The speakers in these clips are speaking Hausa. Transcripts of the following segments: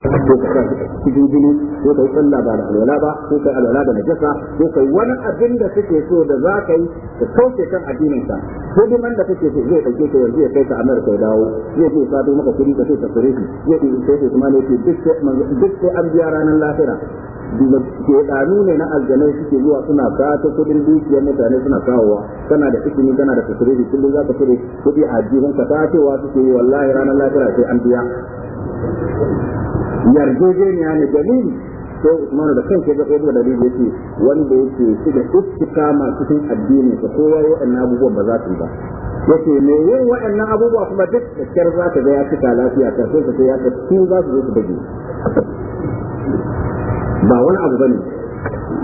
ko kan cikin jini ko kai sallah ba da alwala ba ko kai alwala da najasa ko kai wani abin da kake so da za ka yi ka kauce kan addinin ka ko duk da kake so zai ka yanzu ya kai ka ya dawo zai je ka do maka ka sai ka fure shi zai sai ka kuma ne duk sai an biya ranar ke ɗanu ne na aljanai suke zuwa suna kawo kudin dukiyar mutane suna kawowa kana da ikini kana da fasiriri kullum za ka fure kudi a jihun ka ta cewa suke yi wallahi ranar lahira sai an biya yarjejeniya ne dalili sai Usmanu da kansa ga da Dabi yake wanda yake shi da ma cikin addini ko kowa wa'annan abubuwan ba za su ba yake me yin wa'annan abubuwa kuma duk da kyar za ka ga ya ta lafiya ka sai ka ya ka su za su zo su bage ba wani abu bane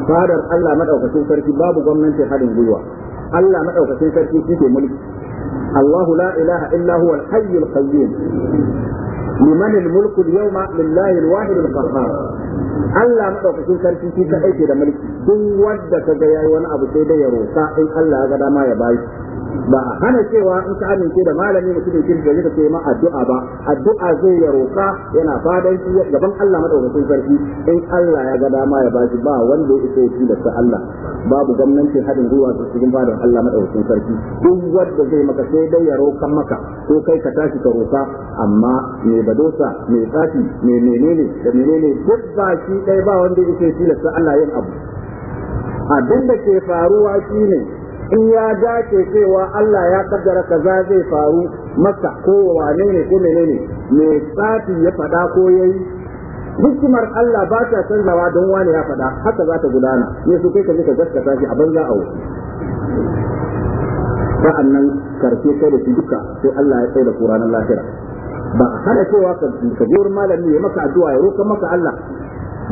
fadar Allah madaukakin sarki babu gwamnati hadin gwiwa Allah madaukakin sarki shi ke mulki Allahu la ilaha illa huwa al-hayyul qayyum liman al-mulku al-yawma lillahi al-wahid al-qahhar Allah madaukakin sarki shi ka aike da mulki duk wanda kaga yayi wani abu sai da ya roka in Allah ya ga dama ya bashi ba hana cewa in ka amince da malami ne kirki da zai ma addu'a ba addu'a zai ya roka yana fadan shi gaban Allah madaukakin sarki in Allah ya ga dama ya bashi ba wanda ya isa shi da Allah babu gwamnatin hadin gwiwa su cikin fadan Allah madaukakin sarki duk wanda zai maka sai dai ya rokan maka ko kai ka tashi ka roka amma me badosa me tsafi me menene da menene duk ba shi dai ba wanda ya isa shi da Allah yin abu abin da ke faruwa shine in ya dace cewa Allah ya kaddara kaza zai faru masa ko wane ne ko menene me tsafi ya fada ko yayi hikimar Allah ba ta canzawa don wane ya fada haka za ta gudana ne su kai ka ka gaskata shi a banza a wuce sa'an nan karfe kai da duka sai Allah ya tsaye da ranar lahira ba a hana cewa ka je wurin malami ya maka addu'a ya roƙa maka Allah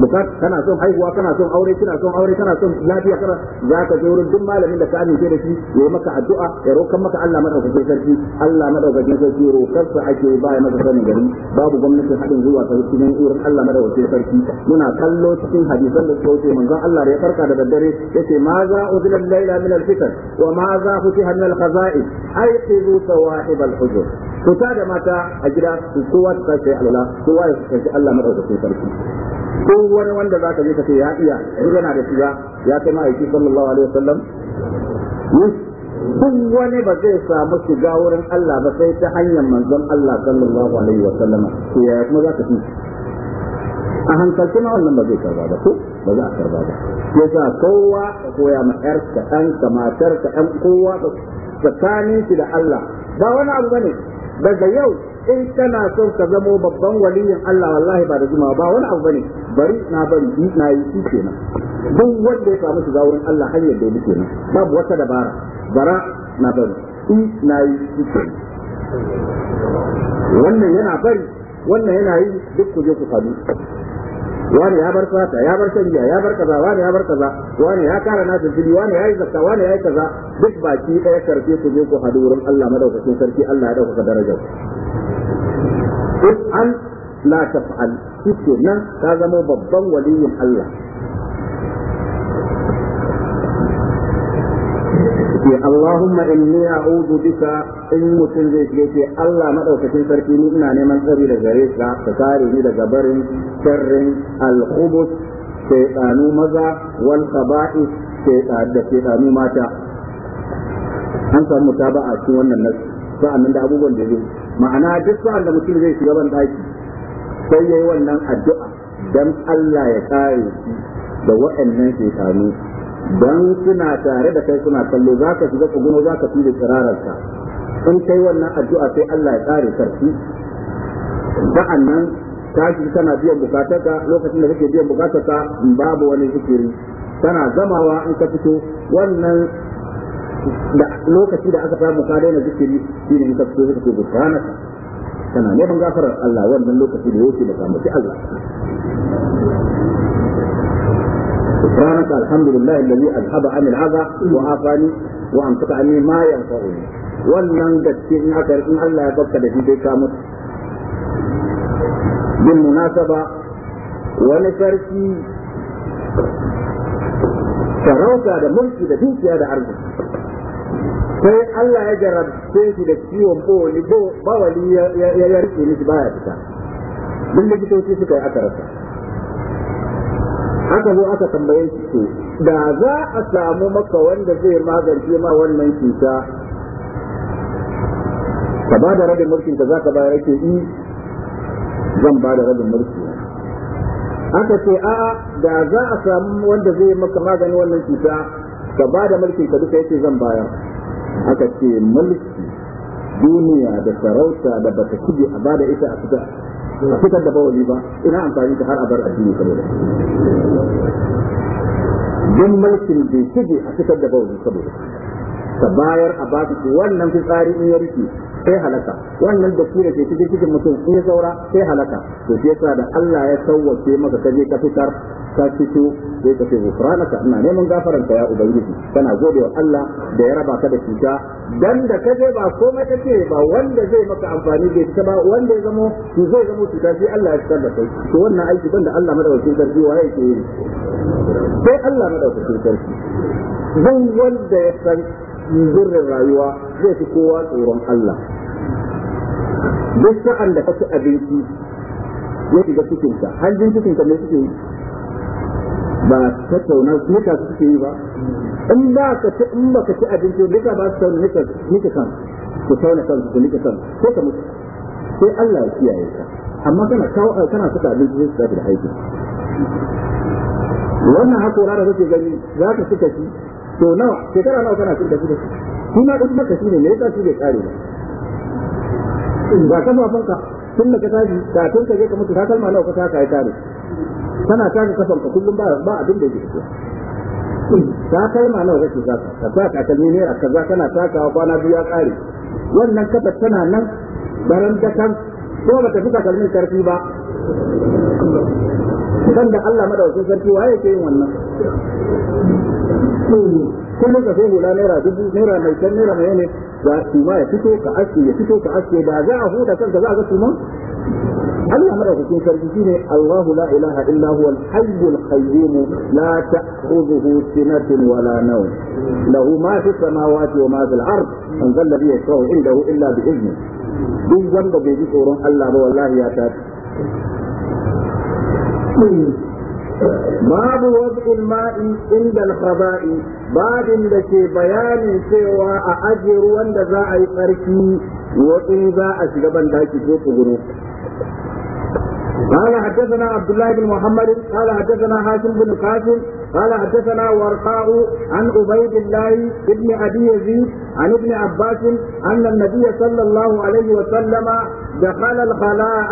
bukat kana son haihuwa kana son aure kina son aure kana son lafiya kana za ka je wurin duk malamin da ka amince da shi ya maka addu'a ya rokan maka Allah madaukakin sarki Allah madaukakin sarki rokar sa ake ba ya maka sanin gari babu gwamnatin hadin zuwa ta cikin wurin Allah madaukakin sarki muna kallo cikin hadisan da suke manzon Allah da ya farka da daddare yace ma za uzila al-laila min al-fitan wa ma za futiha min al-khaza'in ayqizu sawahib al-hujur fita da mata a gida kowa ta sai Allah kowa ya sai Allah madaukakin sarki ko wani wanda za ka je ka ce ya iya duk yana da shiga ya kai ma'aiki sallallahu alaihi wasallam duk wani ba zai samu shiga wurin Allah ba sai ta hanyar manzon Allah sallallahu alaihi wasallam to yaya kuma za ka fi a hankalci ma wannan ba zai karba ba ko ba za a karba ba sa kowa ka koya ma yar ka ɗan ka matar ka dan kowa tsakanin shi da Allah ba wani abu bane daga yau in kana son ka zamo babban waliyin Allah wallahi ba da zuma ba wani abu bane bari na bari ni na yi shi kenan duk wanda ya samu shiga wurin Allah har da yake kenan babu wata dabara bara na bari in na yi shi kenan wannan yana bari wannan yana yi duk ku je ku sami wani ya bar sata ya bar sanya ya bar kaza wani ya bar kaza wani ya kara na jinkiri wani ya yi zakka wani ya yi kaza duk baki ɗaya karfe ku je ku haɗu wurin Allah madaukakin sarki Allah ya ɗaukaka darajar in an la taf'al shi nan ka zama babban waliyin Allah yace Allahumma inni a'udhu bika in mutum zai ce yace Allah madaukakin sarki ni ina neman tsari da gare ka ka kare ni daga barin sharrin al-khubuth shaytanu maza wal qaba'is da shaytanu mata an samu a cikin wannan nasu sa'annan da abubuwan da zai ma'ana duk sa'an da mutum zai shiga ban daki sai yayi wannan addu'a dan Allah ya kare shi da waɗannan shaytanu don suna tare da kai suna kallo za ka shiga tsuguno za ka tuɗe tsirararka in kai wannan addu'a sai Allah ya tsare sarki ba'an nan tashi tana biyan bukatarka lokacin da kake biyan bukatarka babu wani zikiri tana zamawa in ka fito wannan da lokaci da aka samu ka daina zikiri shine in ka fito ka bukatarka tana neman gafarar Allah wannan lokaci da yake da samu Allah سبحانك الحمد لله الذي اذهب wa العذى وعافاني وانفق عني ما ينفعني wannan gaske in aka in Allah ya baka da shi dai ka mutu bin munasaba wani sarki sarauta da mulki da dukiya da arziki sai Allah ya jarabce shi da ciwon bawali bawali ya rike mishi baya fita duk likitoci suka yi aka rasa aka zo aka tambaye shi ce, da za a samu maka wanda zai magance ma wannan cuta ka ba da rabin mulkin ka za ka bayar ke yi eh, zan ba da rabin mulki aka ce a da za a samu wanda zai maka magani wannan cuta ka ba da mulkin ka duka yake zan bayar aka ce mulki duniya da sarauta da bata kuje a bada ita a fita fitar da bawali ba ina amfani da har a bar addini saboda don mulkin bai shige a fitar da bawali saboda ka bayar a baki wannan fitsari in ya rike sai halaka wannan da kira ke cikin cikin mutum in ya saura sai halaka to sai yasa da Allah ya sauwace maka kaje ka fitar ka fito sai ka ce gufranaka ina neman gafaranka ya ubangiji kana gode wa Allah da ya raba ka da cuta dan da kaje ba komai kake ba wanda zai maka amfani da ita ba wanda ya zamo to zai zamo cuta sai Allah ya tsara kai to wannan aiki banda Allah madaukakin sarki wa yake yi sai Allah madaukakin sarki zan wanda ya san sirrin rayuwa zai fi kowa tsoron Allah duk sa'an da ka ci abinci ya shiga cikinka hanjin cikinka mai suke yi ba tattauna nika suke yi ba in ba ka ci in ba ka ci abinci duka ba su tauna nika nika kan ku tauna kan ku nika kan ko ka mutu sai Allah ya kiyaye ka amma kana kawo kana saka abinci sai ka tafi da aiki wannan hakora da kake gani za ka suka shi to nawa shekara nawa kana cin da su kuma duk maka shine me yasa shi bai kare ba ba fanka tun da ka tashi tun ka je ka mutu takalma nawa ka ta kai tare kana taka kafanka kullum ba ba abin da yake kalma nawa kake za ka sa takalmi ne a kaza kana takawa kwana biyu ya kare wannan kafar tana nan baran da kan ko ba ta fi takalmin karfi ba san da Allah madaukakin sarki wa yake yin wannan kullum ka sai hula naira dubu naira mai can naira mai ne ga tuma ya fito ka aske ya fito ka aske da za a huta kanka za a ga tuma Allah madaukakin sarki shine Allahu la ilaha illa huwa al-hayyul qayyum la ta'khudhuhu sinatun wala la nawm lahu ma fi samawati wa ma fil ard man dhal ladhi yashfa'u indahu illa bi idni duk wanda bai ji tsoron Allah ba wallahi ya tafi babu wasu ma'i inda al-khaba'i babin da ke bayanin cewa a ajiye ruwan da za a yi tsarki wasu za a shiga ban daki ko tsuguru قال حدثنا عبد الله بن محمد قال حدثنا هاشم بن قاسم قال حدثنا ورقاء عن عبيد الله بن ابي يزيد عن ابن عباس ان النبي صلى الله عليه وسلم دخل الخلاء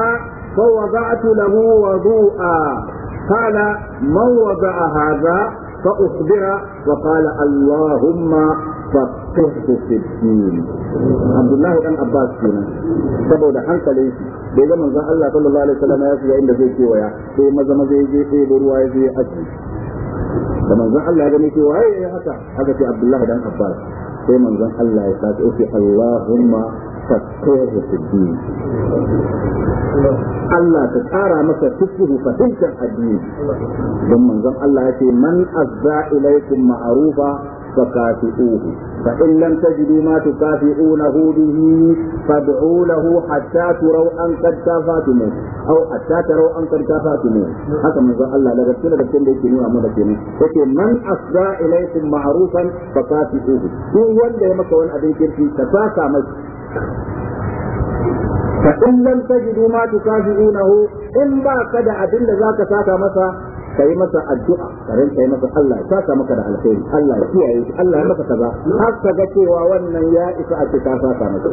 فوضعت له وضوءا قال من وضع هذا فأخبر وقال اللهم فقهه في الدين عبد الله بن عباس كنا saboda hankalin shi bai ga manzon Allah sallallahu alaihi wasallam ya shiga inda zai kewaya sai maza maza ya je sai da ruwa ya je aji da manzon Allah ya gani cewa ai haka haka sai Abdullah dan Abbas sai manzon Allah ya sake ce Allahumma fattahu fid Allah ta tsara masa fikihu fahimtar addini don manzon Allah ya ce man azza ilaikum ma'rufa فكافئوه فإن لم تجدوا ما تكافئونه به فادعوا له حتى تروا أن قد كافاتموه أو حتى تروا أن قد كافاتموه هذا من ذا الله لقد كنا قد كنا يكينوا أمونا كيني لكن من أفضى إليكم معروفا فكافئوه هو ولا يمكن أبين كيرتي تفاكا مجد فإن لم تجدوا ما تكافئونه إن باك دا أبين ذاك ساكا مسا ka yi masa addu'a ka rinka yi masa Allah ya saka maka da alheri Allah ya kiyaye shi Allah ya maka kaza har ka ga cewa wannan ya isa a cikin saka maka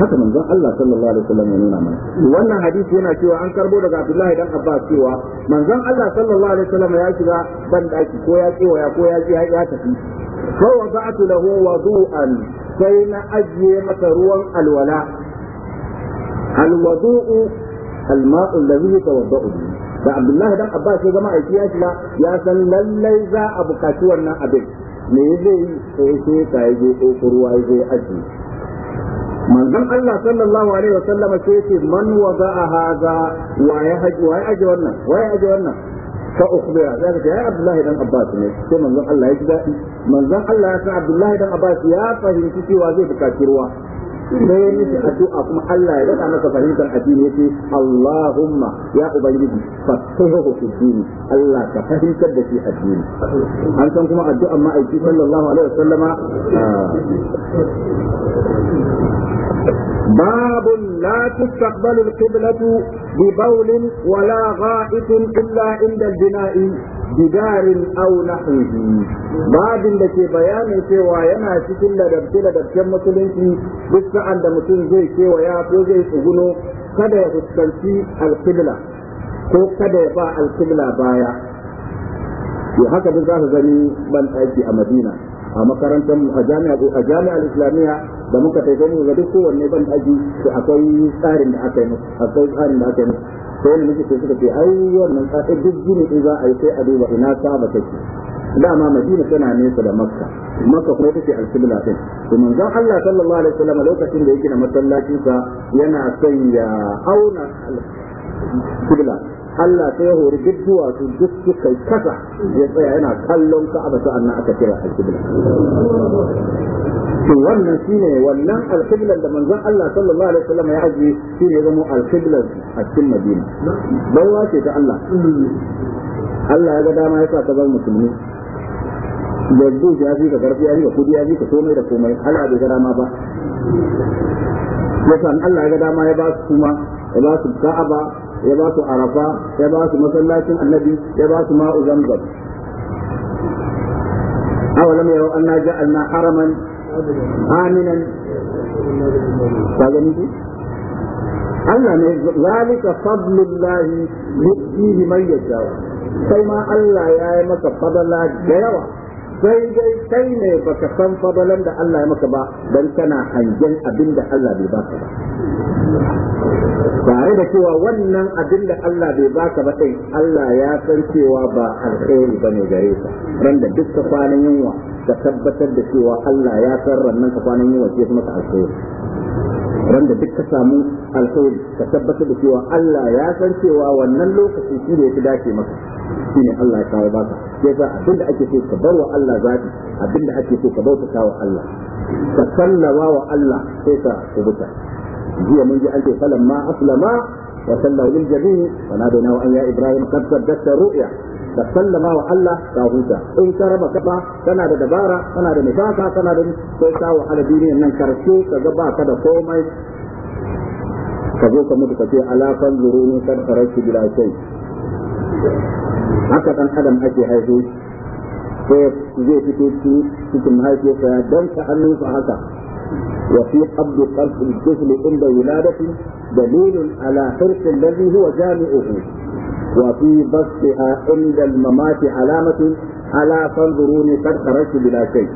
haka manzon Allah sallallahu alaihi wasallam ya nuna mana wannan hadisi yana cewa an karbo daga Abdullah dan Abbas cewa manzon Allah sallallahu alaihi wasallam ya shiga ban daki ko ya ya ko ya ya tafi fa wada'tu lahu wudu'an sai na ajiye masa ruwan alwala alwudu'u الماء الذي يتوضأ به da abdullahi dan abbas ya zama aiki ya shiga ya san lallai za a bukaci wannan abin me zai yi sai sai ka je ɗauko ruwa zai aji manzon Allah sallallahu alaihi wasallam sai ce man wada'a hadha wa ya haji wa ya aji wannan wa ya aje wannan fa ukhbira zaka ce ya abdullahi dan abbas ne sai manzon Allah ya ji dadi manzon Allah ya san abdullahi dan abbas ya fahimci cewa zai bukaci ruwa sai ya miki addu'a kuma Allah ya daɗa masa fahimtar addini yace Allahumma ya ubangiji fatahu fi Allah ka fahimtar da shi addini an san kuma addu'an ma'aiki sallallahu alaihi wasallama باب لا تستقبل القبلة ببول ولا غائط إلا عند البناء bidarin au nahwihi babin da ke bayanin cewa yana cikin ladabce ladabcen musulunci duk sa'an da mutum zai kewaya ko zai tsuguno kada ya fuskanci alkibla ko kada ya ba alkibla baya to haka duk za su gani ban a madina a makarantar a a jami'ar islamiyya da muka tafi mu ga duk kowanne ban aji to akwai tsarin da aka yi musu akwai tsarin da aka yi musu to wani muke sai suka ce ai wannan tsarin duk gini in za a yi sai a duba ina saba take dama madina tana nesa da makka makka kuma take alqibla din to manzon Allah sallallahu alaihi wasallam lokacin da yake na masallacin sa yana son ya auna alqibla Allah sai ya hori duk duwatsu duk suka yi kasa ya tsaya yana kallon ka ka'aba sa'an aka kira alƙibla to wannan ne wannan alƙiblan da manzon Allah sallallahu alaihi wasallam ya ajiye shi ne zama alƙiblan a cikin Madina baiwa ce ta Allah Allah ya ga dama ya sa ka zama musulmi da duk ya fi ka karfi ya fi ka kudi ya fi ka komai da komai Allah bai ga dama ba yasa Allah ya ga dama ya ba su kuma ya ba su ka'aba ya ba su arafa ya ba su masallacin annabi ya ba su ma'u zamzam awalam yaro an na ja'alna haraman aminan ta gani ku Allah ne zalika fadlullahi yu'tihi man yasha sai ma Allah ya yi maka fadala da yawa sai dai kai ne baka san fadalan da Allah ya maka ba dan kana hangen abin da Allah bai baka ba tare da cewa wannan abin da Allah bai baka ba ɗin Allah ya san cewa ba alheri bane gare ka ran da duk kwanan yunwa ka tabbatar da cewa Allah ya san rannan kwanan yunwa ke kuma alheri ran da duk ka samu alheri ka tabbatar da cewa Allah ya san cewa wannan lokaci shi ne ya dace maka shi ne Allah ya kawo baka yasa abin da ake so ka bar wa Allah zaki, abin da ake so ka bauta wa Allah ka sallawa wa Allah sai ka kubuta jiya mun ji an ce falan ma aslama wa sallahu lil jabin wa nadaina an ya ibrahim qad saddaqta ru'ya ka sallama wa Allah ka huta in ka raba kafa kana da dabara kana da nifaka kana da sai ka wahala duniyar nan karshe ka ga ba ka da komai ka zo ka mutu ka ce ala fanzuru ni kan farauki bila kai haka dan adam ake haihu sai zai fito cikin mahaifiyarsa ya danka hannunsa haka وفي قبض قلب الطفل عند ولادته دليل على حرص الذي هو جامعه وفي بسطها عند الممات علامة على فانظروني قد خرجت بلا شيء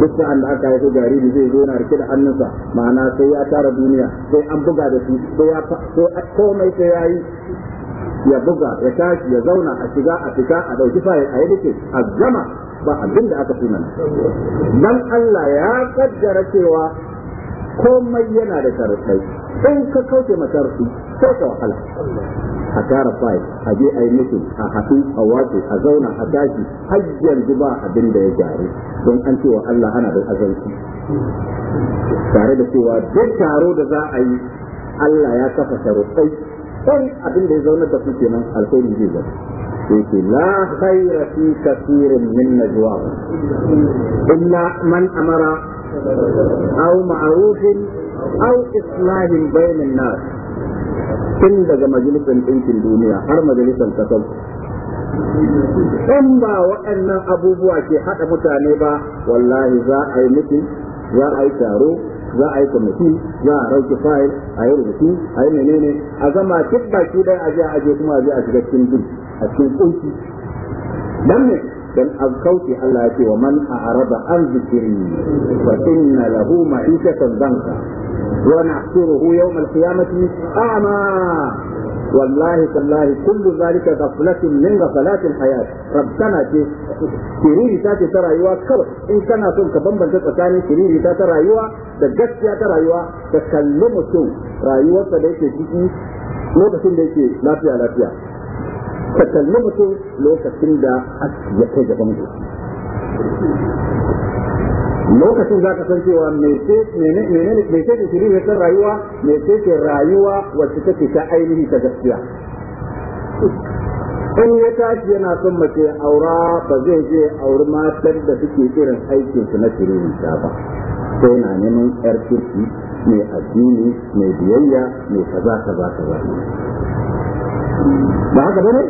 duk an da aka haifi jariri zai zo na rike da hannunsa ma'ana sai ya tara duniya sai an buga da su sai komai sai ya yi ya buga ya tashi ya zauna a shiga a fita a dauki fayil a yadda a gama ba abin da aka sunan dan Allah ya kaddara cewa komai yana da sharuɗai in ka kauce masharfi ko ka wahala a tara fayil a je a yi musu a haɗu a wace a zauna a tashi har yanzu ba abin da ya gyaru don an cewa Allah ana da azanci tare da cewa duk taro da za a yi Allah ya kafa sharuɗai san abin da ya zauna da su kenan alkhairi zai zama yake la khaira fi kathirin min najwa illa man amara aw ma'ruf aw islahin bainan nas tun daga majalisar ɗinkin duniya har majalisar kasar in ba waɗannan abubuwa ke haɗa mutane ba wallahi za a yi miki za a yi taro za a yi kwamiti za a rauke fayil a yi rubutu a yi menene a gama duk baki dai a je a je kuma a je a shiga cikin duk a cikin kunci dan ne dan an kauce Allah ya ce wa man a'rada an zikri fa inna lahu ma'ishatan danka wa nahsuruhu yawm al-qiyamati a'ma والله تالله كل ذلك غفلة من غفلات الحياة ربنا تي تاتي ترى يوا كو إن كان أصول كبنبا تتكاني كريري تاتي ترى da gaskiya ta rayuwa da kalli mutum rayuwarsa da yake ciki lokacin da yake lafiya lafiya ka kalli mutum lokacin da ya kai gaban ku lokacin za ka san cewa mece ce shirin ta rayuwa mece ce rayuwa wacce take ta ainihi ta gaskiya in ya tashi yana son mace aura ba zai je auri matar da suke irin aikinsu na shirin ba sai na neman yar kirki mai addini mai biyayya mai kaza kaza kaza ba haka bane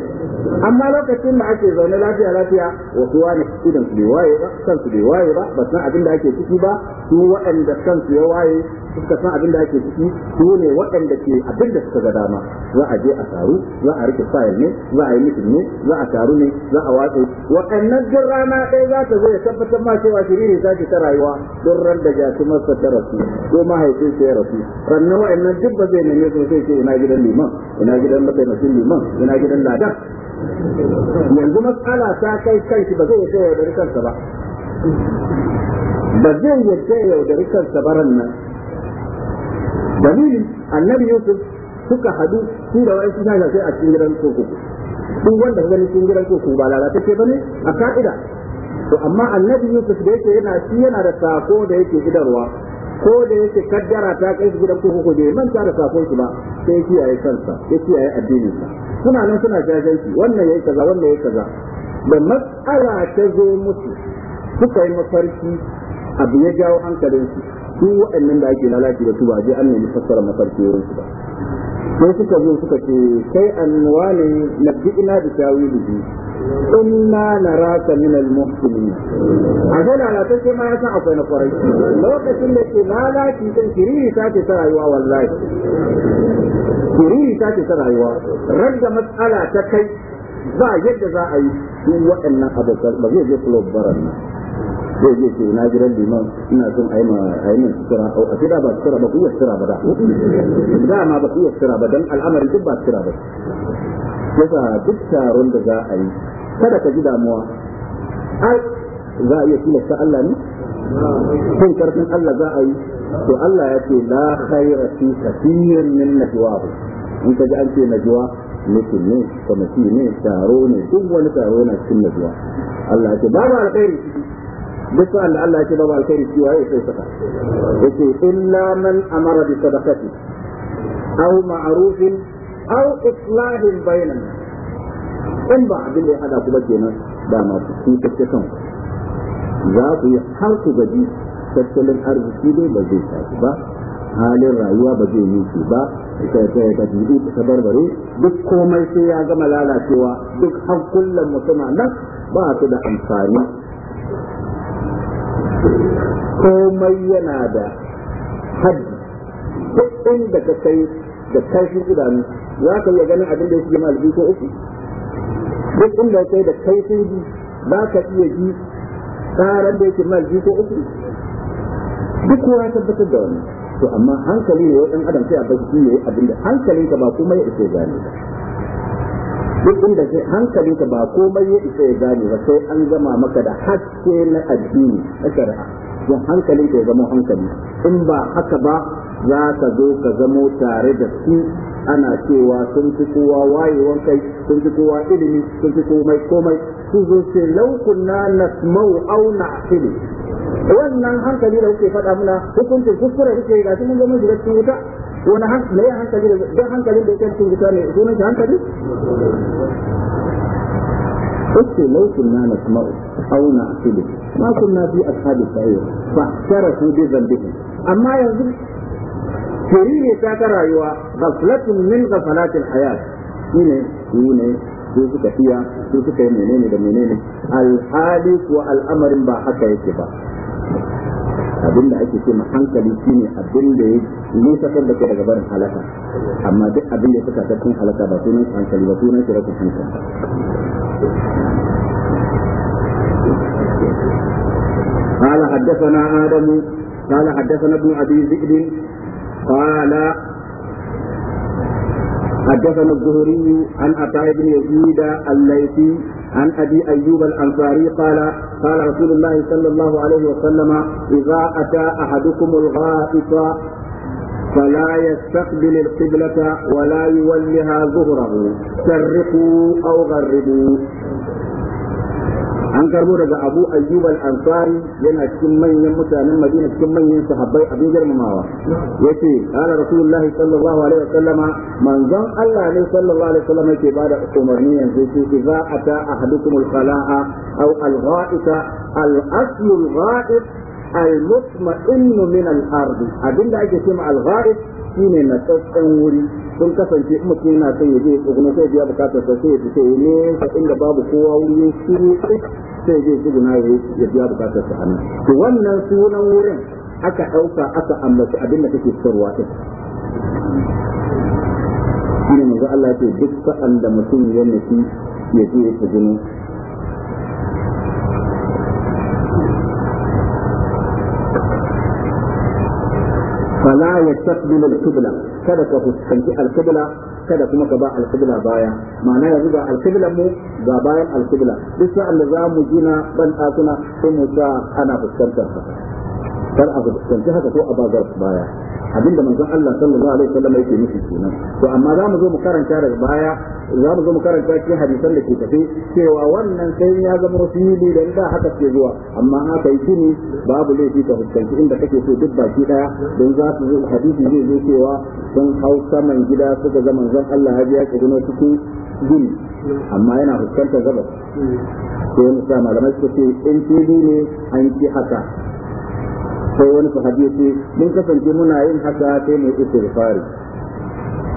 amma lokacin da ake zaune lafiya lafiya wasu wani idan su bai waye ba kansu bai waye ba ba san abin da ake ciki ba su waɗanda kansu ya waye suka san abin da ake ciki su ne waɗanda ke abin da suka ga dama za a je a taru za a rike fayil ne za a yi mitin ne za a taru ne za a watsa waɗannan duk rana ɗaya za ta zo ya tabbatar ma cewa ne zaki ta rayuwa don ran da jasu masa ta rasu ko mahaifin sa ya rasu sannan waɗannan duk ba zai neme su sai ce ina gidan liman ina gidan mataimakin liman ina gidan ladan yanzu matsala ta kai kai ba zai yi yaudari kansa ba ba zai yadda yaudari kansa ba ran nan dalili annabi yusuf suka hadu su da wa'ansu sai a cikin gidan kurkuku duk wanda gani cikin gidan kurkuku ba lalatacce bane a ka'ida to amma annabi yusuf da yake yana shi yana da sako da yake idarwa ko da yake kaddara ta kai gidan kurkuku da manta da sakon shi ba sai ya kiyaye kansa ya kiyaye addinin sa suna nan suna jajanci wannan yayi kaza wannan yayi kaza da matsala ta zo musu suka yi mafarki abu ya jawo hankalinsu su waɗannan da ake lalaci da su ba je an nemi fassara mafarki wurin su ba sai suka zo suka ce kai an wani na bi ina da tawilihi inna naraka min al-muhsinin a ga lalatacce ma ya san akwai na kwarai lokacin da ke lalaci kan kiriri ta ce ta rayuwa wallahi kiriri ta ce ta rayuwa rage matsala ta kai ba yadda za a yi su waɗannan abokan ba zai je club baran zai je ce na jiran liman ina son a yi ma a yi min sutura a kira ba sutura ba ku yi sutura ba da dama ba ku yi sutura ba don al'amari duk ba sutura ba yasa duk taron da za a yi kada ka ji damuwa ai za a iya tilasta Allah ne kun karfin Allah za a yi to Allah ya ce la khaira fi kathirin min najwahu in ka ji an ce najwa mutum ne kwamiti ne taro ne duk wani taro na cikin najwa Allah ya ce babu alkhairi duk sa'an da Allah ya ce babu alkhairi shi waye sai saka yake illa man amara bi sadaqati aw ma'rufin aw islahin bainan in ba abin da ya hada kuma kenan da su kutace kan za ku yi har ku gaji tattalin arziki dai ba zai ba halin rayuwa ba zai nufi ba ka jibi ta barbare duk komai sai ya gama lalacewa duk hankulan mutuna nan ba su da amfani komai yana da haddi duk inda ka kai da karfin idanu za ka iya ganin abin da ya fi jama'a ko uku duk inda kai da kaifin ji ba ka iya ji tsaron da yake mal ji ko uku duk ya tabbatar da wani to amma hankali ne ɗan adam sai a bar shi ne abin da ba kuma ya iso gane ba. duk inda ke ka ba komai ya isa ya gane ba sai an zama maka da haske na addini na shari'a don hankalin ya zama hankali in ba haka ba za ka zo ka zamo tare da su ana cewa sun fi kowa wayewan kai sun fi kowa ilimi sun fi komai komai su zo ce na nasmau au fili. wannan hankali da kuke faɗa muna hukuncin kuskure kuke ga mun zama shiga cikin wuta wani hankali da hankali da dan hankalin da yake cikin zuciya ne sunan shi hankali قلت لو كنا نسمع او نعقل ما كنا في اصحاب السعير فاعترفوا بذنبهم اما يزيد كريم تاكر ايوه غفلة من غفلات الحياة هنا هنا su suka iya su suka yi menene da menene alhali ko al'amarin ba haka yake ba abin da ake ce hankali shine abin da ya nisafar da ke daga barin halaka amma duk abin da ya saka cikin halaka ba sunan hankali ba sunan shi rashin hankali قال حدثنا آدم قال حدثنا ابن أبي ذئب قال حدثنا الزهري عن عطاء بن يزيد الليثي عن ابي ايوب الانصاري قال قال رسول الله صلى الله عليه وسلم اذا اتى احدكم الغائط فلا يستقبل القبلة ولا يولها ظهره سرقوا أو غربوا an karbo daga abu ayyub al-ansari yana cikin manyan mutanen madina cikin manyan sahabbai abin girmamawa yace qala rasulullahi sallallahu alaihi wasallama manzon Allah ne sallallahu alaihi wasallama yake bada umarni yanzu ce idza ata ahadukum al-qala'a aw al-gha'ita al-aslu al-gha'ib al-mutma'innu min al-ard abinda ake cewa al-gha'ib shi ne na tsakkan wuri sun kasance in mutum yana son ya je tsuguna sai biya bukatar sa sai ya fito ya nesa inda babu kowa wuri ya shiru sai ya je tsuguna ya biya bukatar sa anan to wannan sunan wurin aka ɗauka aka ambaci abin da kake fitarwa ɗin shi ne manzo Allah ya ce duk sa'an da mutum ya nufi ya je tsuguna fala yastaqbilu al-qibla kada ka fuskanci al kada kuma ka ba al baya mana yanzu ga al mu ga bayan al-qibla duk sa'an za mu gina ban ɗakuna sai mu sa ana fuskantar sa kar a fuskanci haka ko a bazar baya Abin da manzon Allah sallallahu alaihi wasallam yake nufi kenan to amma za mu zo mu karanta daga baya za mu zo mu karanta cikin hadisan da ke tafi cewa wannan sai ya zama fili da da haka ke zuwa amma na kai gini babu laifi ka hukunci inda kake so duk baki daya don za su zo hadisi zai zo cewa sun hau saman gida suka ga manzon Allah ya biya kudin cikin gini amma yana hukunta gabas sai mu sa malamai suke in fili ne an ki haka sai wani sahabi ya ce mun kasance muna yin haka sai mu istighfari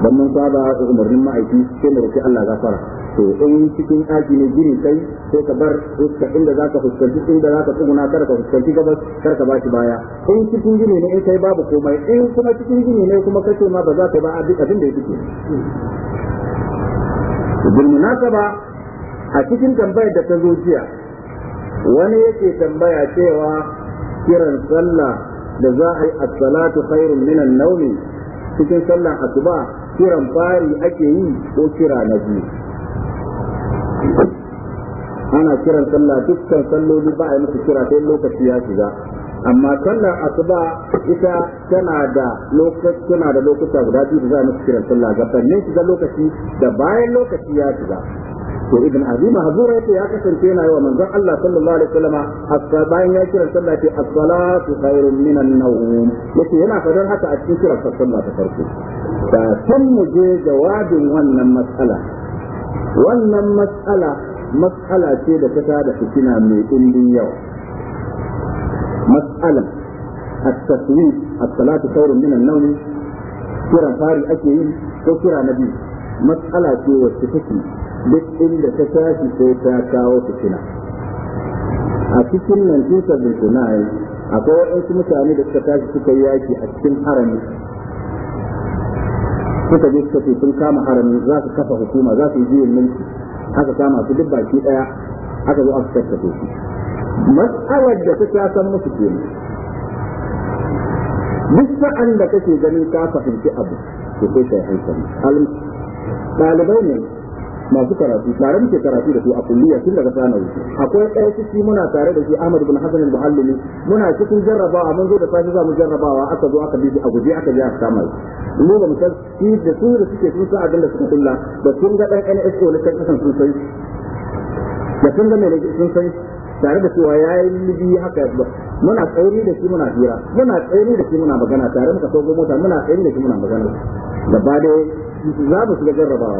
dan mun saba umarnin ma'aiki sai mu roki Allah gafara to in cikin aji ne gini kai sai ka bar iska inda zaka fuskanci inda zaka tsuguna kar ka fuskanci gabas kar ka bashi baya in cikin gini ne in kai babu komai in kuma cikin gini ne kuma kace ma ba za ka ba abin da yake bil munasaba a cikin tambayar da ta zo jiya wani yake tambaya cewa kiran sallah da za a yi as-salatu khairun an-nawm cikin sallar asuba kiran fari ake yi ko kira na biyu ana kiran sallah dukkan salloli ba a yi kira sai lokaci ya shiga amma sallar asuba ita tana da lokaci tana da lokuta guda biyu da za a musu kiran sallah gabanin shiga lokaci da bayan lokaci ya shiga to ibn azima hazura yace ya kasance yana yawa manzon Allah sallallahu alaihi wasallama hatta bayan ya kira sallah ce as-salatu khairun minan nawm yace yana fadar haka a cikin kira sallah ta farko da san mu je jawabin wannan matsala wannan matsala matsala ce da ta da fitina mai dimbin yau. mas'alan at-taswif as-salatu khairun minan nawm kiran fari ake yi ko kira na biyu matsala ce wacce take duk inda ta tashi sai ta kawo fitina a cikin nan da bikinai akwai waɗansu mutane da suka tashi suka yi yaki a cikin harami suka je suka fi sun kama harami za su kafa hukuma za su yi juyin mulki aka kama su duk baki ɗaya aka zo aka tattafe su mas'alar da ta tasan musu kenan duk sa'an da kake ganin ka fahimci abu to sai yi hankali ɗalibai ne masu karatu tare muke karatu da su a kulliya tun daga sanawi akwai ɗaya ciki muna tare da shi Ahmad bin Hassan al-Muhallili muna cikin jarrabawa mun zo da safi za mu jarrabawa aka zo aka bi a guje aka je aka kama shi mu ba mu shi da su da suke sun san abin da suka kulla da sun ga ɗan NSO na kan kasan sun san da sun ga mai sun san tare da cewa ya yi libi haka muna tsaye da shi muna hira muna tsaye da shi muna magana tare muka sauko mota muna tsaye da shi muna magana gaba dai za mu shiga jarrabawa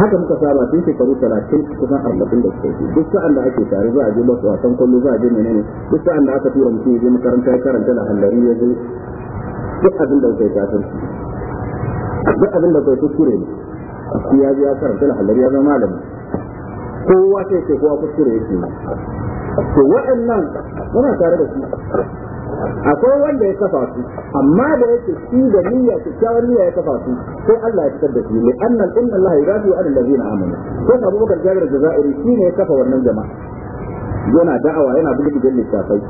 haka muka saba tun shekaru talatin kusan arba'in da suka yi duk sa'an da ake tare za a je masu wasan kwallo za a je menene duk sa'an da aka tura mutum ya je makaranta ya karanta da hallari ya je duk abin da kai kafin duk abin da kai kuskure ne a ya je ya karanta da hallari ya zama malami kowa sai sai kowa kuskure yake to waɗannan muna tare da su akwai wanda ya kafa su amma da yake shi da niyya kyakkyawar niyya ya kafa su sai Allah ya fitar da shi ne Annan inna Allah yudafi an allazina amanu ko Abu Bakar Jabir Jazairi shi ne ya kafa wannan jama'a yana da'awa yana bugu da littafai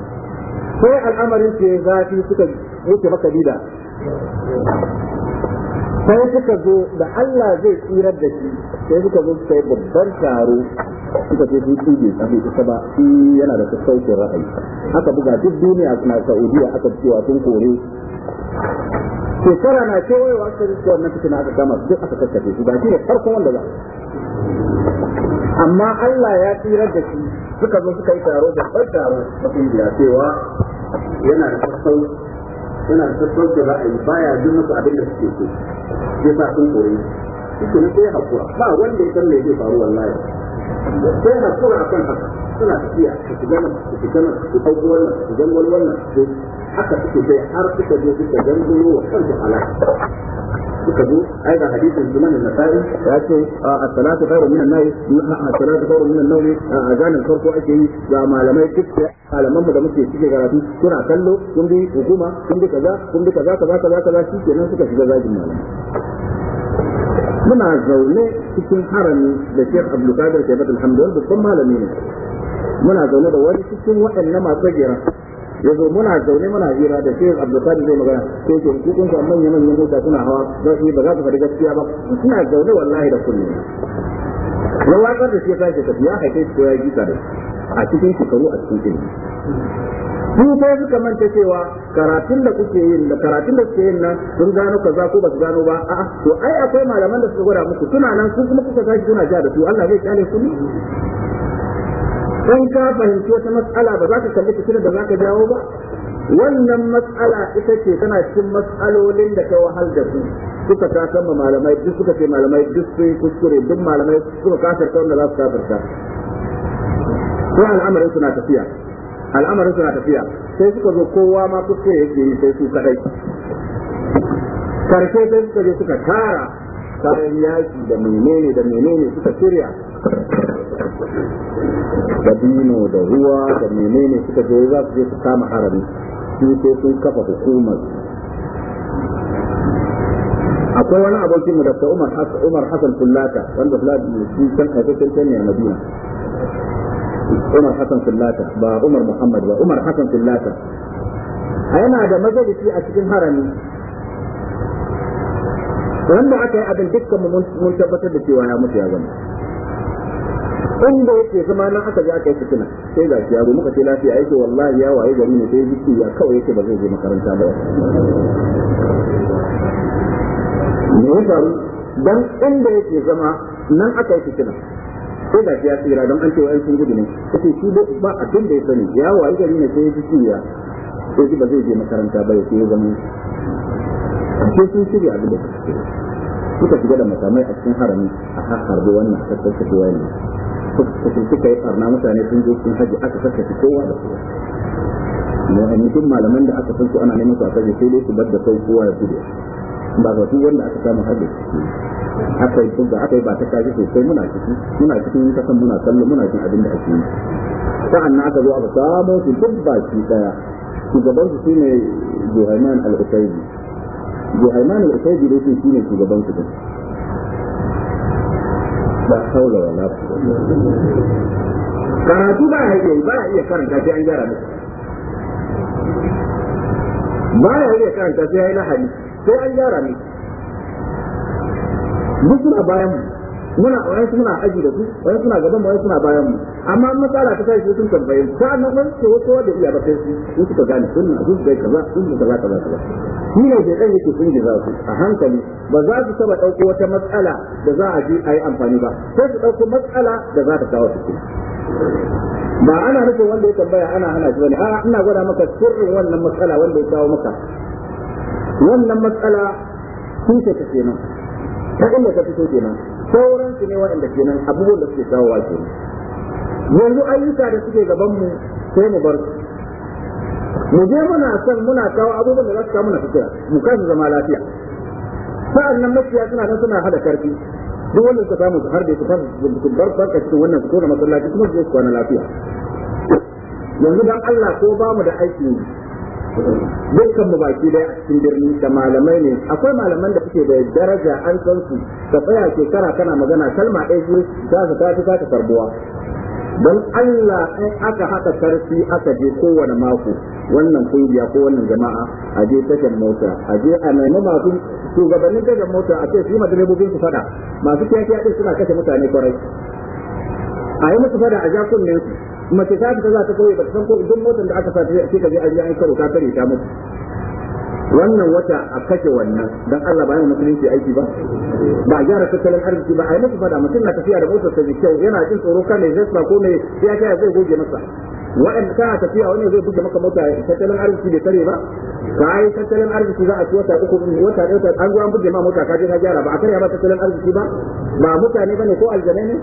sai al'amarin sai zafi suka wuce maka dida sai suka zo da Allah zai tsirar da shi sai suka zo sai babban taro suka ce su tsige bai kusa ba shi yana da sassaucin ra'ayi aka buga duk duniya suna Saudiya aka cewa sun kore shekara na kewayewa aka rike wannan fitina aka kama duk aka kakkace su ba shi ne farkon wanda ba amma Allah ya tsirar da shi suka zo suka yi taro babban taro mafi cewa yana da sassauci suna da sassauta ra'ayi baya jin masu abin da suke so ya sa sun koyi shi ne sai hakura ba wanda ya san me zai faru wallahi sai hakura kan haka suna tafiya su shiga nan su shiga nan su ɗauko wannan su zangwal wannan su haka suke sai har suka je suka zangwalo wa kansu halaka suka zo ai ga hadisin sunan an-nasa'i ya ce a salatu khairu min an-nawm as-salatu khairu min an a azanin farko ake yi ga malamai duk malaman mu da muke cike karatu suna kallo kun bi hukuma kun bi kaza kun bi kaza kaza kaza kaza shikenan suka shiga zagin malamai muna zaune cikin harami da Sheikh Abdul Qadir Kaibat al-Hamdulillah kuma malami ne muna zaune da wani cikin waɗannan masu gira ya zo muna zaune muna hira da abu abdulkadir zai magana ko ke ku kun san manyan manyan mota suna hawa za su ba za su faɗi gaskiya ba suna zaune wallahi da kullu rawakar da shi ya tashi tafiya haife shi ko ya gita da a cikin shekaru a cikin su sai suka manta cewa karatun da kuke yin da karatun da kuke yin nan sun gano kaza ko ba su gano ba a'a to ai akwai malaman da suka gwada muku suna nan su kuma kuka tashi suna ja da su Allah zai kyale su ne Idan ka fahimci wata matsala ba za ka kalli fitinar da za ka jawo ba wannan matsala ita ce tana cikin matsalolin da ka wahal da su suka ta ma malamai duk suka ce malamai duk yi kuskure duk malamai suka ta wanda za su ta ko al'amarin suna tafiya al'amarin suna tafiya sai suka zo kowa ma kuskure yake yi sai su kadai karshe sai suka je suka tara kayan yaki da menene da menene suka shirya da dino da ruwa da menene suka je za su je su kama harami su sai sun kafa hukumar akwai wani abokin mu da Umar Hassan Umar Hassan Kullata wanda Fulata shi san aikataccen ne a Madina Umar Hassan Kullata ba Umar Muhammad ba Umar Hassan Kullata yana da majalisi a cikin harami wanda aka yi abin dukkan mun tabbatar da cewa ya mutu ya zama inda yake zama nan aka je aka yi fitina sai ga shi yaro muka ce lafiya yake wallahi ya waye gari ne sai jiki ya kawai yake ba zai je makaranta ba me ya faru dan inda yake zama nan aka yi fitina sai ga shi ya tsira dan an ce wa'an sun gudu ne kace shi ba abin da ya sani ya waye gari ne sai jiki ya sai ba zai je makaranta ba yake zama sai sun shirya abin da suka shiga da makamai a cikin harami a harbe wannan a tattace wannan suka suka yi barna mutane sun zo sun haji aka saka su kowa da kowa mu'ayyukin malaman da aka san su ana neman su a kaje sai dai su bar da kai kowa ya gudu ba ga duk wanda aka samu haɗe aka yi tunda aka yi ba ta kaji sosai muna ciki muna cikin kasan muna kallon muna cin abin da ake yi sa'an nan aka zo aka samo su duk baki daya shugaban su shine Juhaiman al-Utaibi Juhaiman al-Utaibi dai shine shugaban su ba la haula wala karatu ba ya ba iya karanta sai an gyara masa ba ya iya karanta sai ya yi lahani sai an gyara masa duk na bayan mu muna wai suna aji da su wai suna gaban wai suna bayan mu amma matsala ta kai sun tambaye ko annan wani ko ko da iya ba sai su su suka gane sunna su ga kaza sun da kaza kaza kaza shi ne da dan yake sun za su a hankali ba za su saba dauko wata matsala da za a ji ayi amfani ba sai su dauko matsala da za ta kawo su ba ana nufin wanda ya tambaya ana hana shi bane a ina gwada maka sirrin wannan matsala wanda ya kawo maka wannan matsala ce ta kenan ta inda ka fito kenan sauran su ne waɗanda kenan abubuwan da suke kawowa kenan yanzu ayyuka da suke gaban mu sai mu bar su mu je muna son muna kawo abubuwan da za su kawo muna fitira mu kasu zama lafiya sa'an nan mafiya suna nan suna hada karfi duk wanda suka samu har da su kasa su bar farka cikin wannan su kona masallaci kuma su je su kwana lafiya yanzu dan Allah ko ba mu da aiki dukkan mu baki dai a cikin birni da malamai ne akwai malaman da suke da daraja an san su ka tsaya shekara kana magana kalma ɗaya su za su tafi ta karbuwa don Allah in aka haka karfi aka je kowane mako wannan kungiya ko wannan jama'a a je tashar mota a je a nemi masu shugabannin tashar mota a ce su yi ma direbobin su fada masu kiyakiya din suna kashe mutane kwarai a yi musu fada a ja kunnen su mace ta fita za ta kawai ba san ko idan motar da aka sa ta sai ka je an yi an karo ka tare ta mutu wannan wata a kashe wannan dan Allah ba yana musulunci aiki ba ba a gyara tattalin arziki ba a yi musu fada mutum na tafiya da motar ta da kyau yana jin tsoro kan ne zai ko ne ya zai goge masa waɗanda kana tafiya wani zai buga maka mota tattalin arziki da tare ba ka yi tattalin arziki za a ci wata uku wata ɗaya wata an zo buge ma mota ka je ka gyara ba a karya ba tattalin arziki ba ba mutane ne ko aljanai ne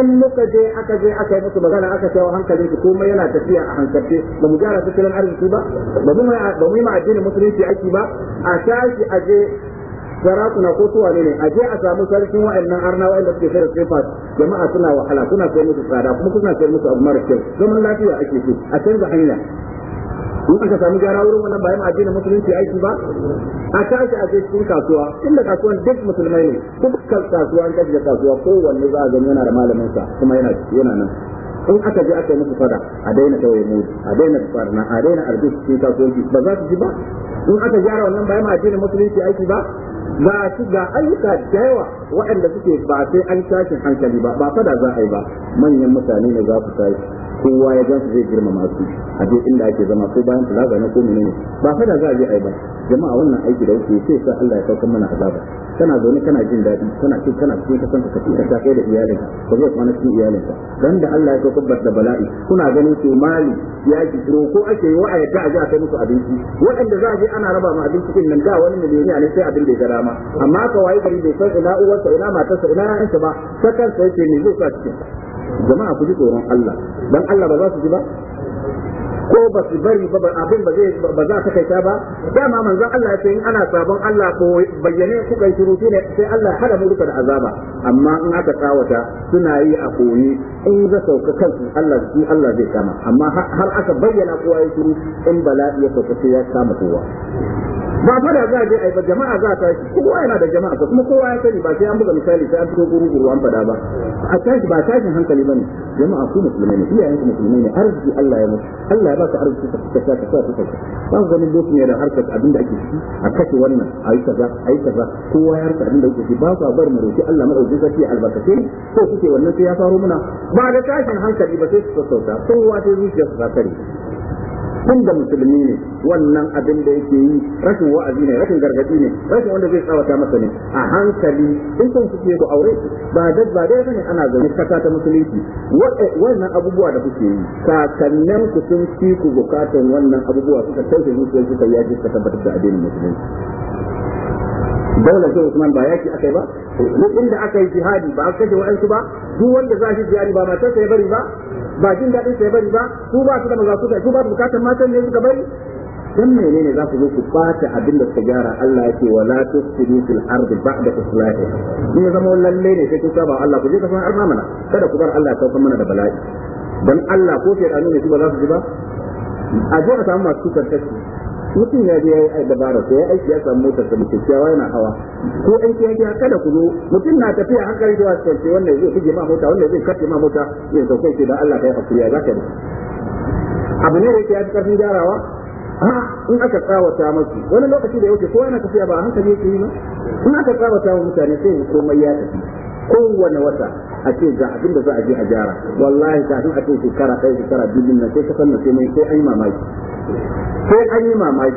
in muka je aka je aka yi musu magana aka tawo hankalin su komai yana tafiya a hankalce ba mu gyara tattalin arziki ba ba mu yi ma addinin musulunci aiki ba a tashi a je sarakuna ko su wane ne a je a samu sarkin wa'annan arna wa'anda suke sayar sifat jama'a suna wahala suna sai musu tsada kuma suna sai musu abu mara kyau zaman lafiya ake su a canza hanya in aka samu gyara wurin wannan bayan addinin musulunci aiki ba a tashi a je cikin kasuwa inda kasuwan duk musulmai ne dukkan kasuwa an kaji da kasuwa kowanne za a gani yana da malamin sa kuma yana yana nan in aka je aka yi musu fada a daina tawaye mu a daina farna a daina arziki cikin kasuwanci ba za su ji ba in aka gyara wannan bayan addinin musulunci aiki ba ga su ga ayyuka da yawa waɗanda suke ba sai an tashin hankali ba ba fada za a yi ba manyan mutane ne za su tashi kowa ya gansu zai girmama su a duk inda ake zama ko bayan talaga na ko menene ba fa za a je ai ba jama'a wannan aiki da yake sai sa Allah ya saukar mana azaba kana zaune kana jin daɗi kana cikin kana cikin kasan ka ka kai da iyalin ka zo kwana cikin iyalin ka dan da Allah ya saukar da bala'i kuna ganin su mali ya ki tiro ko ake yi wa'ayata ta je a kai abinci waɗanda za a je ana raba ma abinci din nan da wani miliyoni ne sai abin da ya ga dama amma ka waye gari bai san ina uwarsa ina matarsa ina ƴaƴansa ba sakan sai ke ne zai sa cikin jama'a ku ji tsoron Allah dan Allah ba za su ji ba ko ba su bari ba abin ba zai ba za ta kaita ba dama manzon Allah ya ce in ana sabon Allah ko bayyane kuka yi shiruti ne sai Allah hada muku da azaba amma in aka tsawata suna yi a koyi in za sauka kansu Allah shi Allah zai kama amma har aka bayyana kowa ya shiru in bala'i ya sauka sai ya kama kowa ba fada za a je a jama'a za a tashi kowa yana da jama'a kuma kowa ya sani ba sai an buga misali sai an fito guru guru an fada ba a tashi ba tashin hankali bane jama'a ku musulmai ne iyayen ku musulmai ne arziki Allah ya mutu Allah ya baka arziki ka ka sa ka ka ba ku ganin lokacin yana harkar abin da ake ciki a kashe wannan a yi kaza a yi kaza kowa ya harka abin da ciki ba ku bar mu roki Allah madaukakin sarki albarkace ko kuke wannan sai ya faro muna ba da tashin hankali ba sai su sassauta kowa sai zuciyarsa ta kare tun da musulmi ne wannan abin da yake yi rashin wa'azi ne rashin gargadi ne rashin wanda zai tsawata masa ne a hankali in kun kuke ku aure ba da ba da bane ana zaune kasa ta musulunci eh, wannan abubuwa da kuke yi kakannin ku sun ci ku bukatan wannan abubuwa suka tauke musu suka yaji ka tabbatar da addinin musulunci daular shi Usman ba yaki akai ba duk inda aka yi jihadi ba aka kashe wa'ansu ba duk wanda za shi jihadi ba matarsa ya bari ba ba jin daɗin sai bari ba ku ba su da maza su kai ku ba su bukatar matan ne suka bari dan menene za ku zo ku bata abin da suka gyara Allah yake wala tusiru fil ardi ba'da islahi in ya zama lalle ne sai ku saba Allah ku je ka san arma mana kada ku bar Allah ya saukar mana da bala'i dan Allah ko sai da ne su ba za su ji ba a je a samu masu kusantar mutum ya je yayi dabara ya aiki ya samu motar sa cewa yana hawa ko aiki ya ya kada ku zo mutum na tafiya hankali da wasu sai wannan zai fige ma mota wannan zai kace ma mota zai sauke shi dan Allah kai hakuri ya yi abu ne da yake ya fi karfin gyarawa ha in aka tsawata masu wani lokaci da yake ko yana tafiya ba hankali yake yi ma in aka tsawata wa mutane sai komai ya tafi kowane wata a ce ga abin da za a je a gyara wallahi kafin a ce shekara ɗaya shekara biyu na sai ka na sai mai sai an yi mamaki sai an yi mamaki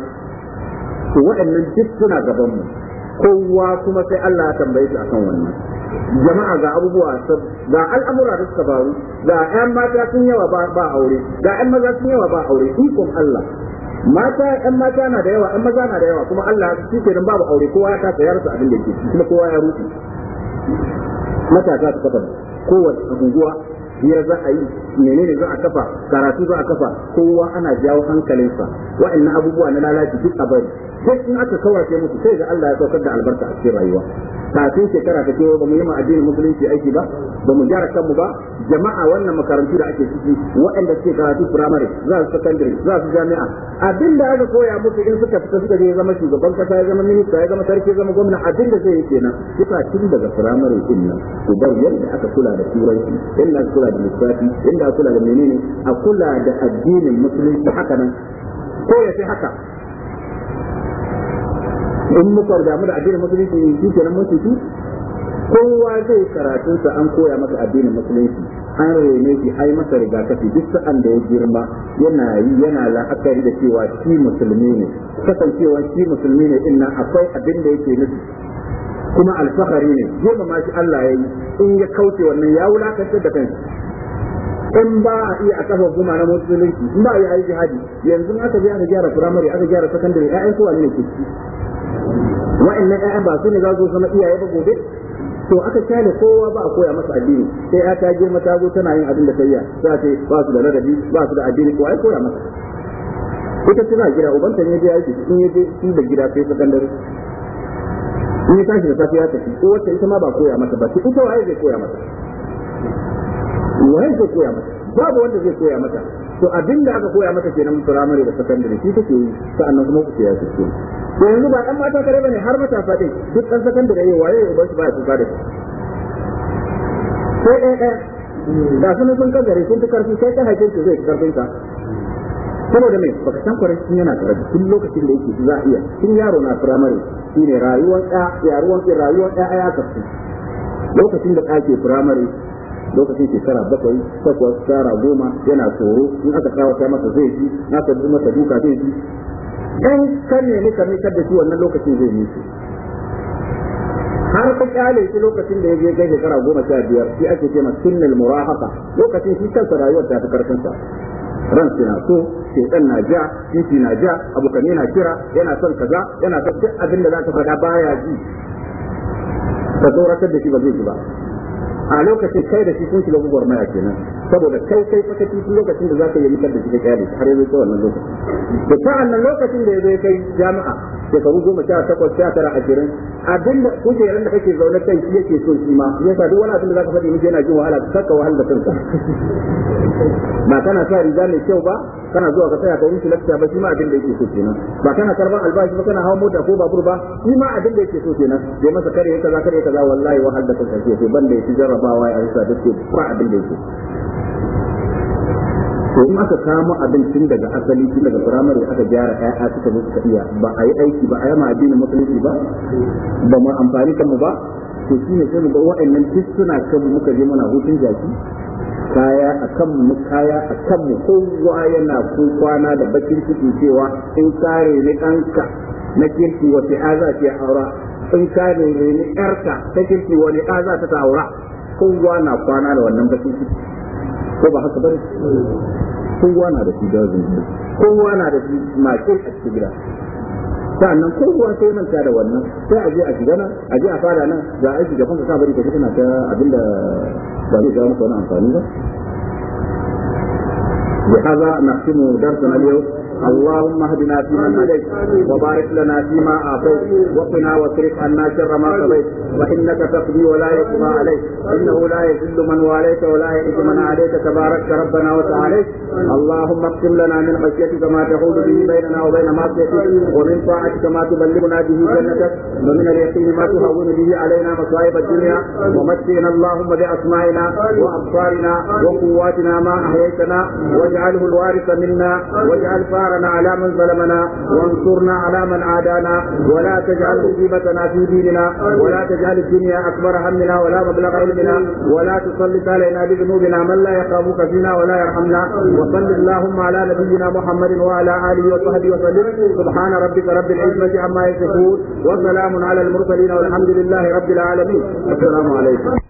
to waɗannan duk suna gaban mu kowa kuma sai Allah ya tambaye su akan wannan jama'a ga abubuwa ga al'amura da suka faru ga ƴan mata sun yawa ba aure ga ƴan maza sun yawa ba aure ikon Allah mata yan mata na da yawa ƴan maza na da yawa kuma Allah shi kenan babu aure kowa ya kasa ya abin da ke kuma kowa ya rufe matasa su kafa kowace abubuwa biyar za a yi ne za a kafa karatu za a kafa kowa ana jawo hankalinsa wa'annan abubuwa na lalaci duk a bari duk in aka kawace musu sai ga Allah ya saukar da albarka a cikin rayuwa kafin shekara ta kewa ba mu yi ma addinin musulunci aiki ba ba mu gyara kanmu ba jama'a wannan makarantu da ake ciki waɗanda suke karatu firamare za su secondary za su jami'a abin da aka koya musu in suka fita suka je ya zama shugaban kasa ya zama minista ya zama sarki ya zama gwamna abin da zai yi kenan suka tun daga firamare din nan su bar yadda aka kula da turanci inda kula da lissafi inda kula da menene a kula da addinin musulunci haka nan ko ya sai haka in muka da mu da addinin musulunci shi kenan mun cutu kowa zai karatun sa an koya masa addinin musulunci an rene shi ai masa rigakafi duk sa'an da ya girma yana yi yana la'akari da cewa shi musulmi ne kasancewa shi musulmi ne inna akwai abin da yake nufi kuma alfahari ne ma shi Allah ya yi in ya kauce wannan ya wulakantar da kansa in ba a iya a kafa kuma na musulunci in ba a aiki jihadi yanzu aka je aka gyara firamare aka gyara sakandare ƴaƴan kowa ne ke ciki wa'annan ƴaƴan ba su ne za su zama iyaye ba gobe to aka kyale kowa ba a koya masa addini sai ya ta girma ta zo tana yin abin da ta yi za ce ba su da ladabi ba su da addini ko ai koya masa ita tana gida ubanta ne ya yi in yaje shi da gida sai sakandare in ya tashi da safe ya tafi ko wacce ita ma ba koya masa ba ita waye zai koya masa waye zai koya masa babu wanda zai koya masa to abin da aka koya mata kenan firamare da sakandare shi take yi sa'annan kuma ku ya suke to yanzu ba dan mata kare bane har matasa din duk dan sakandare yayi waye ba shi ba su ba da shi Ko eh eh da sun sun gare sun ta karfi sai ta haife su zai karfin ka saboda mai baka san kwarai sun yana karatu tun lokacin da yake za a iya tun yaro na firamare shine rayuwar ɗaya rayuwar ɗaya ya kasu lokacin da ɗake firamare lokacin shekara bakwai takwas shara goma yana tsoro in aka ta masa zai ji in aka masa duka zai ji Dan kan ne ne mikar da shi wannan lokacin zai shi har ka kyale shi lokacin da ya je kai shekara goma sha biyar shi ake ce ma sunnal murahaka lokacin shi kansa rayuwar ta fi sa ran na so shedan na ja titi na ja abokanai na kira yana son kaza yana son duk abin da za ka faɗa baya ji ka tsoratar da shi ba zai ji ba a lokacin kai da shi sun shiga gugwar maya kenan saboda kai kai sakaci tun lokacin da zaka yi mutar da kike kyale har yanzu wannan lokacin da sa'an nan lokacin da yazo kai jami'a shekaru goma sha takwas sha tara ashirin abinda ran da kake zaune kai shi yake so shi ma yasa duk wani abin da zaka faɗi miji yana jin wahala saka wahala da kanka ba kana sa riga mai kyau ba kana zuwa ka tsaya ka yi lafiya ba shi ma abin da yake so kenan ba kana karban albashi ba kana hawa mota ko babur ba shi ma abin da yake so kenan bai masa kare kaza kare kaza wallahi wahala da kanka yake ban da yake jarrabawa ya rasa duk ba abin da yake to in aka kama abincin daga asali tun daga firamare aka gyara ƴaƴa suka zo suka ba a yi aiki ba a yi ma addinin musulunci ba ba mu amfani kanmu ba to shine sai mu ga wa'annan tituna kan muka je muna hutun jaki kaya a kan mu kaya a kan mu kowa yana kwana da bakin ciki cewa in kare ni ɗanka na kirki wace a za aura in kare ni ƴarka ta kirki wani a ta aura kowa na kwana da wannan bakin ciki ko ba haka bane kowa na da shi kowa na da shi a cikin gida sannan kowa sai manta da wannan sai a je a shiga nan a je a fara nan za a shiga fanka bari ka ta abinda ba zai ga wani amfani ba بهذا نختم درسنا اللهم اهدنا فيمن هديت وبارك لنا فيما اعطيت وقنا واصرف عنا شر ما قضيت فانك تقضي ولا يقضى عليك انه لا يذل من واليت ولا يئس من عليك تبارك ربنا وتعالى اللهم اقسم لنا من خشيتك ما تحول به بيننا وبين معصيتك ومن طاعتك ما تبلغنا به جنتك ومن اليقين ما تهون به علينا مصائب الدنيا ومتعنا اللهم باسمائنا وابصارنا وقواتنا ما احييتنا واجعله الوارث منا واجعل فارنا وانصرنا على من ظلمنا وانصرنا على من عادانا ولا تجعل مصيبتنا في ديننا ولا تجعل الدنيا اكبر همنا ولا مبلغ علمنا ولا تسلط علينا بذنوبنا من لا يخافك فينا ولا يرحمنا وصل اللهم على نبينا محمد وعلى اله وصحبه وسلم سبحان ربك رب العزه عما يصفون وسلام على المرسلين والحمد لله رب العالمين السلام عليكم